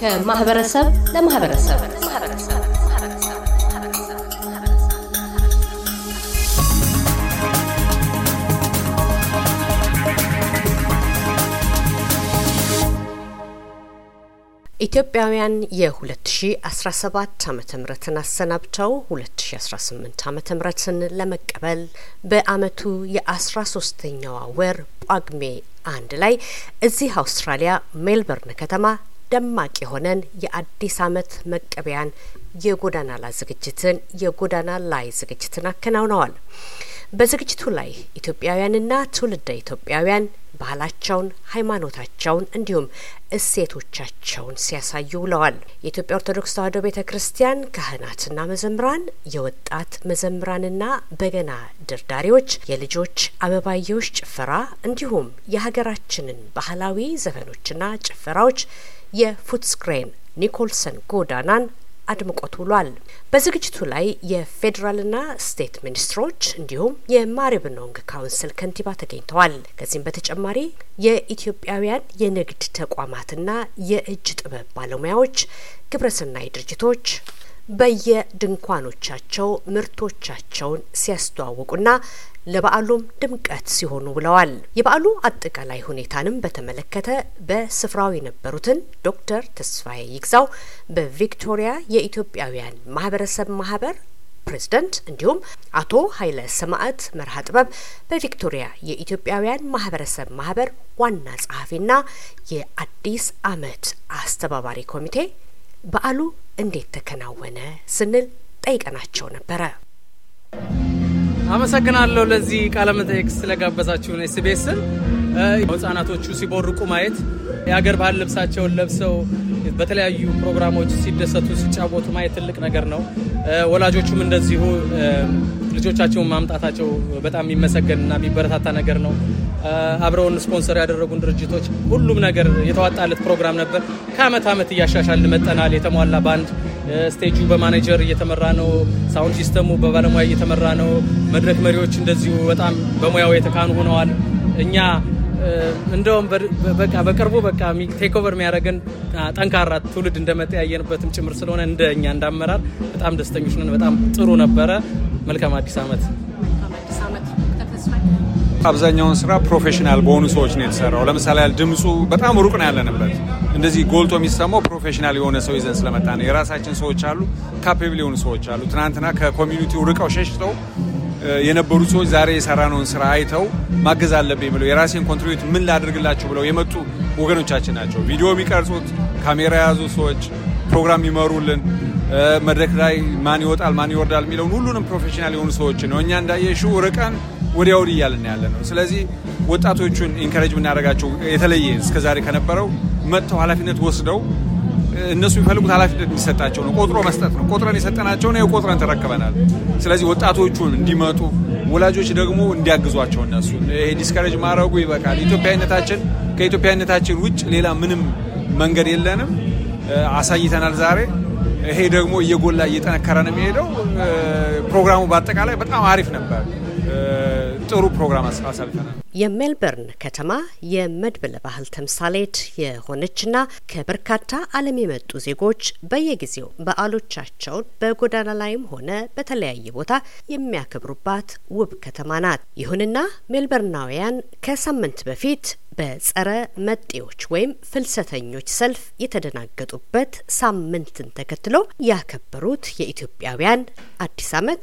ከማህበረሰብ ለማህበረሰብ ኢትዮጵያውያን የ2017 ዓ ምህረትን አሰናብተው 2018 ዓ ምትን ለመቀበል በአመቱ የ 13 ተኛዋ ወር ጳጉሜ አንድ ላይ እዚህ አውስትራሊያ ሜልበርን ከተማ ደማቅ የሆነን የአዲስ አመት መቀበያን የጎዳና ላይ ዝግጅትን የጎዳና ላይ ዝግጅትን አከናውነዋል። በዝግጅቱ ላይ ኢትዮጵያውያንና ትውልደ ኢትዮጵያውያን ባህላቸውን፣ ሃይማኖታቸውን እንዲሁም እሴቶቻቸውን ሲያሳዩ ውለዋል። የኢትዮጵያ ኦርቶዶክስ ተዋሕዶ ቤተ ክርስቲያን ካህናትና መዘምራን፣ የወጣት መዘምራንና በገና ደርዳሪዎች፣ የልጆች አበባየዎች ጭፈራ እንዲሁም የሀገራችንን ባህላዊ ዘፈኖችና ጭፈራዎች የፉትስክሬን ኒኮልሰን ጎዳናን አድምቆት ውሏል። በዝግጅቱ ላይ የፌዴራልና ስቴት ሚኒስትሮች እንዲሁም የማሪብኖንግ ካውንስል ከንቲባ ተገኝተዋል። ከዚህም በተጨማሪ የኢትዮጵያውያን የንግድ ተቋማትና የእጅ ጥበብ ባለሙያዎች፣ ግብረሰናይ ድርጅቶች በየድንኳኖቻቸው ምርቶቻቸውን ሲያስተዋውቁና ለበዓሉም ድምቀት ሲሆኑ ብለዋል። የበዓሉ አጠቃላይ ሁኔታንም በተመለከተ በስፍራው የነበሩትን ዶክተር ተስፋዬ ይግዛው በቪክቶሪያ የኢትዮጵያውያን ማህበረሰብ ማህበር ፕሬዝደንት እንዲሁም አቶ ኃይለ ሰማዕት መርሃ ጥበብ በቪክቶሪያ የኢትዮጵያውያን ማህበረሰብ ማህበር ዋና ጸሐፊና የአዲስ ዓመት አስተባባሪ ኮሚቴ በዓሉ እንዴት ተከናወነ ስንል ጠይቀናቸው ነበረ። አመሰግናለሁ ለዚህ ቃለ መጠይቅ ነው። ስቤስን ህጻናቶቹ ሲቦርቁ ማየት የሀገር ባህል ልብሳቸውን ለብሰው በተለያዩ ፕሮግራሞች ሲደሰቱ ሲጫወቱ ማየት ትልቅ ነገር ነው። ወላጆቹም እንደዚሁ ልጆቻቸውን ማምጣታቸው በጣም የሚመሰገንና የሚበረታታ ነገር ነው። አብረውን ስፖንሰር ያደረጉን ድርጅቶች፣ ሁሉም ነገር የተዋጣለት ፕሮግራም ነበር። ከአመት አመት እያሻሻል መጠናል። የተሟላ ባንድ ስቴጁ በማኔጀር እየተመራ ነው። ሳውንድ ሲስተሙ በባለሙያ እየተመራ ነው። መድረክ መሪዎች እንደዚሁ በጣም በሙያው የተካኑ ሆነዋል። እኛ እንደውም በቃ በቅርቡ በቃ ቴክ ኦቨር የሚያደርገን ጠንካራ ትውልድ እንደመጣ ያየንበትም ጭምር ስለሆነ እንደ እኛ እንዳመራር በጣም ደስተኞች ነን። በጣም ጥሩ ነበረ። መልካም አዲስ ዓመት። አብዛኛውን ስራ ፕሮፌሽናል በሆኑ ሰዎች ነው የተሰራው። ለምሳሌ ድምፁ በጣም ሩቅ ነው ያለንበት እንደዚህ ጎልቶ የሚሰማው ፕሮፌሽናል የሆነ ሰው ይዘን ስለመጣ ነው። የራሳችን ሰዎች አሉ፣ ካፔብል የሆኑ ሰዎች አሉ። ትናንትና ከኮሚኒቲው ርቀው ሸሽተው የነበሩ ሰዎች ዛሬ የሰራነውን ስራ አይተው ማገዝ አለብኝ ብለው የራሴን ኮንትሪቢዩት ምን ላድርግላችሁ ብለው የመጡ ወገኖቻችን ናቸው። ቪዲዮ የሚቀርጹት ካሜራ የያዙ ሰዎች፣ ፕሮግራም ይመሩልን መድረክ ላይ ማን ይወጣል ማን ይወርዳል የሚለውን ሁሉንም ፕሮፌሽናል የሆኑ ሰዎች ነው። እኛ እንዳየሽው ርቀን ወዲያ ወዲህ እያልን ያለ ነው። ስለዚህ ወጣቶቹን ኢንከሬጅ የምናደርጋቸው የተለየ እስከዛሬ ከነበረው መጥተው ኃላፊነት ወስደው እነሱ የሚፈልጉት ኃላፊነት እንዲሰጣቸው ነው። ቆጥሮ መስጠት ነው። ቆጥረን የሰጠናቸውን ይኸው ቆጥረን ተረክበናል። ስለዚህ ወጣቶቹን እንዲመጡ ወላጆች ደግሞ እንዲያግዟቸው እነሱ ይሄ ዲስከሬጅ ማድረጉ ይበቃል። ኢትዮጵያዊነታችን ከኢትዮጵያዊነታችን ውጭ ሌላ ምንም መንገድ የለንም፣ አሳይተናል ዛሬ። ይሄ ደግሞ እየጎላ እየጠነከረ ነው የሚሄደው። ፕሮግራሙ በአጠቃላይ በጣም አሪፍ ነበር። ጥሩ ፕሮግራም አሰባሳቢ ሆናል። የሜልበርን ከተማ የመድብለ ባህል ተምሳሌት የሆነችና ከበርካታ ዓለም የመጡ ዜጎች በየጊዜው በዓሎቻቸውን በጎዳና ላይም ሆነ በተለያየ ቦታ የሚያከብሩባት ውብ ከተማ ናት። ይሁንና ሜልበርናውያን ከሳምንት በፊት በጸረ መጤዎች ወይም ፍልሰተኞች ሰልፍ የተደናገጡበት ሳምንትን ተከትሎ ያከበሩት የኢትዮጵያውያን አዲስ ዓመት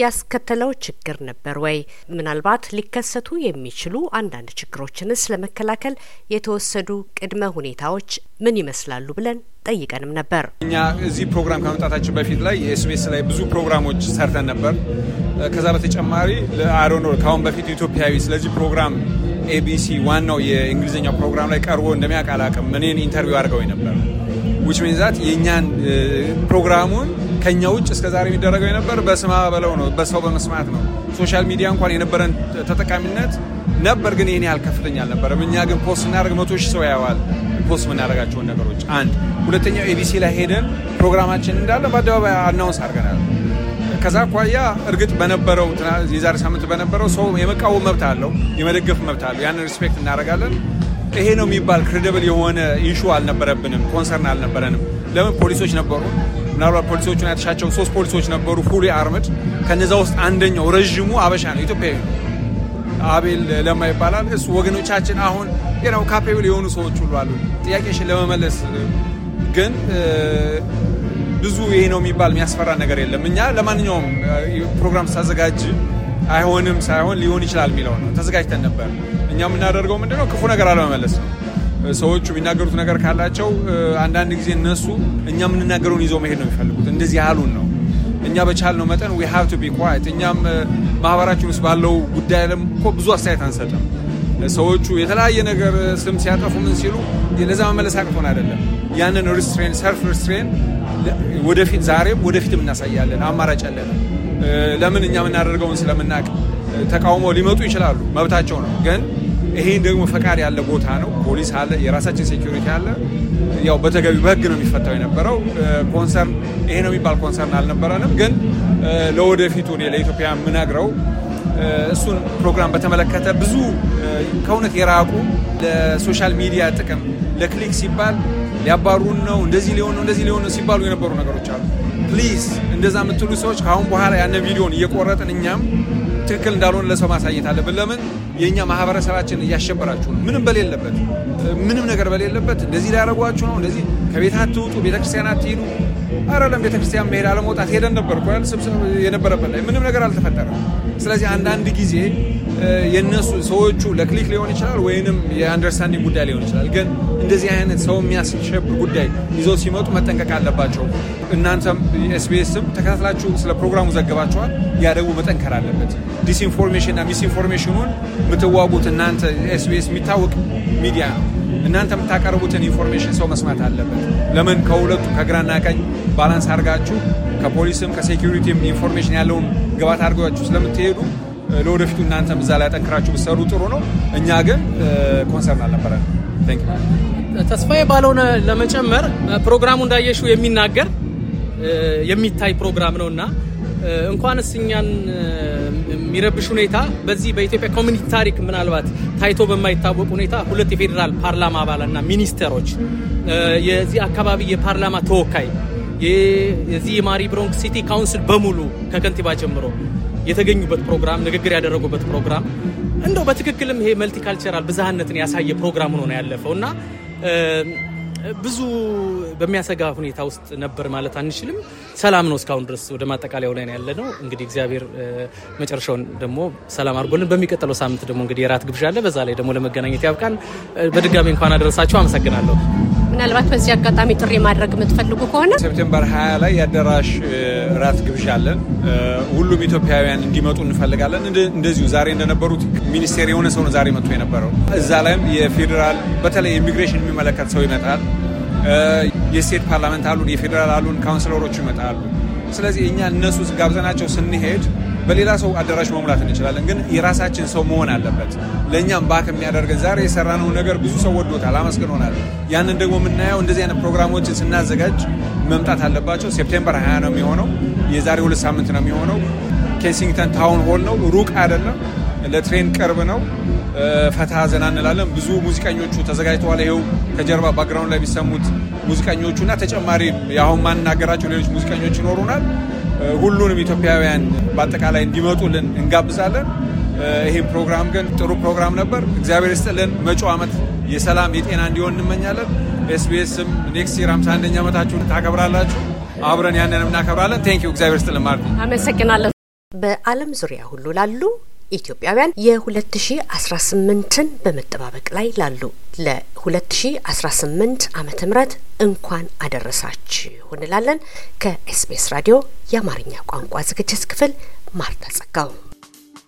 ያስከተለው ችግር ነበር ወይ? ምናልባት ሊከሰቱ የሚችሉ አንዳንድ ችግሮችንስ ለመከላከል የተወሰዱ ቅድመ ሁኔታዎች ምን ይመስላሉ ብለን ጠይቀንም ነበር። እኛ እዚህ ፕሮግራም ከመምጣታችን በፊት ላይ የኤስቢኤስ ላይ ብዙ ፕሮግራሞች ሰርተን ነበር። ከዛ በተጨማሪ አሮኖ ከአሁን በፊት ኢትዮጵያዊ ስለዚህ ፕሮግራም ኤቢሲ ዋናው የእንግሊዝኛው ፕሮግራም ላይ ቀርቦ እንደሚያውቅ አላውቅም። እኔን ኢንተርቪው አድርገው ነበር ዊች ሚንዛት የእኛን ፕሮግራሙን ከኛ ውጭ እስከዛሬ የሚደረገው የነበር በስማ በለው ነው፣ በሰው በመስማት ነው። ሶሻል ሚዲያ እንኳን የነበረን ተጠቃሚነት ነበር፣ ግን ይህን ያህል ከፍተኛ አልነበረም። እኛ ግን ፖስት ስናደርግ መቶ ሺህ ሰው ያዋል። ፖስት የምናደርጋቸውን ነገሮች አንድ ሁለተኛው ኤቢሲ ላይ ሄደን ፕሮግራማችን እንዳለ በአደባባይ አናውንስ አድርገናል። ከዛ አኳያ እርግጥ በነበረው የዛሬ ሳምንት በነበረው ሰው የመቃወም መብት አለው፣ የመደገፍ መብት አለው። ያንን ሪስፔክት እናደርጋለን። ይሄ ነው የሚባል ክሬዲብል የሆነ ኢሹ አልነበረብንም፣ ኮንሰርን አልነበረንም። ለምን ፖሊሶች ነበሩ ምናልባት ፖሊሶቹን ያተሻቸው ሶስት ፖሊሶች ነበሩ ፉሊ አርምድ። ከነዛ ውስጥ አንደኛው ረዥሙ አበሻ ነው፣ ኢትዮጵያዊ አቤል ለማ ይባላል። እሱ ወገኖቻችን አሁን ነው ካፔብል የሆኑ ሰዎች ሁሉ አሉ። ጥያቄሽን ለመመለስ ግን ብዙ ይሄ ነው የሚባል የሚያስፈራ ነገር የለም። እኛ ለማንኛውም ፕሮግራም ስታዘጋጅ አይሆንም ሳይሆን ሊሆን ይችላል የሚለው ነው ተዘጋጅተን ነበር። እኛ የምናደርገው ምንድነው ክፉ ነገር አለመመለስ ነው። ሰዎች የሚናገሩት ነገር ካላቸው አንዳንድ ጊዜ እነሱ እኛ የምንናገረውን ይዘው መሄድ ነው የሚፈልጉት። እንደዚህ ያሉን ነው። እኛ በቻልነው መጠን ዊ ሃቭ ቱ ቢ ኳይት። እኛም ማህበራችን ውስጥ ባለው ጉዳይ ለም እኮ ብዙ አስተያየት አንሰጥም። ሰዎቹ የተለያየ ነገር ስም ሲያጠፉ ምን ሲሉ ለዛ መመለስ አቅቶን አይደለም። ያንን ሪስትሬን ሰልፍ ሪስትሬን ወደፊት ዛሬም ወደፊትም እናሳያለን። አማራጭ አለን። ለምን እኛ የምናደርገውን ስለምናውቅ ተቃውሞ ሊመጡ ይችላሉ፣ መብታቸው ነው ግን ይሄ ደግሞ ፈቃድ ያለ ቦታ ነው። ፖሊስ አለ፣ የራሳችን ሴኪሪቲ አለ። ያው በተገቢ በህግ ነው የሚፈታው የነበረው። ኮንሰርን ይሄ ነው የሚባል ኮንሰርን አልነበረንም። ግን ለወደፊቱ እኔ ለኢትዮጵያ የምነግረው እሱን ፕሮግራም በተመለከተ ብዙ ከእውነት የራቁ ለሶሻል ሚዲያ ጥቅም ለክሊክ ሲባል ሊያባሩን ነው እንደዚህ ሊሆን ነው እንደዚህ ሊሆን ነው ሲባሉ የነበሩ ነገሮች አሉ። ፕሊዝ እንደዛ የምትሉ ሰዎች ከአሁን በኋላ ያንን ቪዲዮን እየቆረጥን እኛም ትክክል እንዳልሆነ ለሰው ማሳየት አለብን። ለምን የእኛ ማህበረሰባችን እያሸበራችሁ ነው፣ ምንም በሌለበት ምንም ነገር በሌለበት እንደዚህ ዳያረጓችሁ ነው፣ እንደዚህ ከቤት አትውጡ፣ ቤተክርስቲያን አትሄዱ አረለም ቤተክርስቲያን መሄድ አለመውጣት ሄደን ነበር የነበረበት ላይ ምንም ነገር አልተፈጠረም። ስለዚህ አንዳንድ ጊዜ የነሱ ሰዎቹ ለክሊክ ሊሆን ይችላል ወይንም የአንደርስታንዲንግ ጉዳይ ሊሆን ይችላል። ግን እንደዚህ አይነት ሰው የሚያስሸብር ጉዳይ ይዘው ሲመጡ መጠንቀቅ አለባቸው። እናንተም ኤስቢኤስም ተከታትላችሁ ስለ ፕሮግራሙ ዘግባችኋል። ያ ደግሞ መጠንከር አለበት። ዲስኢንፎርሜሽንና ሚስኢንፎርሜሽኑን የምትዋጉት እናንተ ኤስቢኤስ የሚታወቅ ሚዲያ ነው። እናንተ የምታቀርቡትን ኢንፎርሜሽን ሰው መስማት አለበት። ለምን ከሁለቱ ከግራና ቀኝ ባላንስ አድርጋችሁ ከፖሊስም ከሴኪሪቲም ኢንፎርሜሽን ያለውን ግባት አድርጋችሁ ስለምትሄዱ ለወደፊቱ እናንተ እዛ ላይ ጠንክራችሁ ብትሰሩ ጥሩ ነው። እኛ ግን ኮንሰርን አልነበረን። ተስፋዬ ባለሆነ ለመጨመር ፕሮግራሙ እንዳየሽው የሚናገር የሚታይ ፕሮግራም ነው እና እንኳንስ እኛን የሚረብሽ ሁኔታ በዚህ በኢትዮጵያ ኮሚኒቲ ታሪክ ምናልባት ታይቶ በማይታወቅ ሁኔታ ሁለት የፌዴራል ፓርላማ አባላትና ሚኒስተሮች፣ የዚህ አካባቢ የፓርላማ ተወካይ፣ የዚህ የማሪ ብሮንክ ሲቲ ካውንስል በሙሉ ከከንቲባ ጀምሮ የተገኙበት ፕሮግራም ንግግር ያደረጉበት ፕሮግራም እንደው በትክክልም ይሄ መልቲካልቸራል ብዝሃነትን ያሳየ ፕሮግራም ሆኖ ነው ያለፈው እና ብዙ በሚያሰጋ ሁኔታ ውስጥ ነበር ማለት አንችልም። ሰላም ነው እስካሁን ድረስ ወደ ማጠቃለያው ላይ ያለ ነው። እንግዲህ እግዚአብሔር መጨረሻውን ደግሞ ሰላም አድርጎልን በሚቀጥለው ሳምንት ደግሞ እንግዲህ የራት ግብዣ አለ። በዛ ላይ ደግሞ ለመገናኘት ያብቃን። በድጋሚ እንኳን አደረሳችሁ። አመሰግናለሁ። ምናልባት በዚህ አጋጣሚ ጥሪ ማድረግ የምትፈልጉ ከሆነ ሴፕቴምበር 20 ላይ የአዳራሽ ራት ግብዣ አለን። ሁሉም ኢትዮጵያውያን እንዲመጡ እንፈልጋለን። እንደዚሁ ዛሬ እንደነበሩት ሚኒስቴር የሆነ ሰው ነው ዛሬ መጥቶ የነበረው። እዛ ላይም የፌዴራል በተለይ ኢሚግሬሽን የሚመለከት ሰው ይመጣል። የስቴት ፓርላመንት አሉን፣ የፌዴራል አሉን፣ ካውንስለሮቹ ይመጣሉ። ስለዚህ እኛ እነሱ ጋብዘናቸው ስንሄድ በሌላ ሰው አዳራሽ መሙላት እንችላለን፣ ግን የራሳችን ሰው መሆን አለበት። ለእኛም ባክ የሚያደርገን ዛሬ የሰራነው ነገር ብዙ ሰው ወዶታል፣ አመስግኖናል። ያንን ደግሞ የምናየው እንደዚህ አይነት ፕሮግራሞችን ስናዘጋጅ መምጣት አለባቸው። ሴፕቴምበር 20 ነው የሚሆነው፣ የዛሬ ሁለት ሳምንት ነው የሚሆነው። ኬንሲንግተን ታውን ሆል ነው፣ ሩቅ አይደለም፣ ለትሬን ቅርብ ነው። ፈታ ዘና እንላለን። ብዙ ሙዚቀኞቹ ተዘጋጅተዋል። ይኸው ከጀርባ ባክግራውንድ ላይ የሚሰሙት ሙዚቀኞቹ እና ተጨማሪ የአሁን ማናገራቸው ሌሎች ሙዚቀኞች ይኖሩናል። ሁሉንም ኢትዮጵያውያን በአጠቃላይ እንዲመጡልን እንጋብዛለን። ይህም ፕሮግራም ግን ጥሩ ፕሮግራም ነበር። እግዚአብሔር ይስጥልን። መጪው ዓመት የሰላም የጤና እንዲሆን እንመኛለን። ኤስቢኤስም ኔክስት ይር 51ኛ ዓመታችሁን ታከብራላችሁ። አብረን ያንንም እናከብራለን። ቴንኪዩ። እግዚአብሔር ይስጥልን ማለት ነው። አመሰግናለሁ። በዓለም ዙሪያ ሁሉ ላሉ ኢትዮጵያውያን የ2018ን በመጠባበቅ ላይ ላሉ ለ2018 ዓመተ ምህረት እንኳን አደረሳችሁ እንላለን። ከኤስቢኤስ ራዲዮ የአማርኛ ቋንቋ ዝግጅት ክፍል ማርታ ጸጋው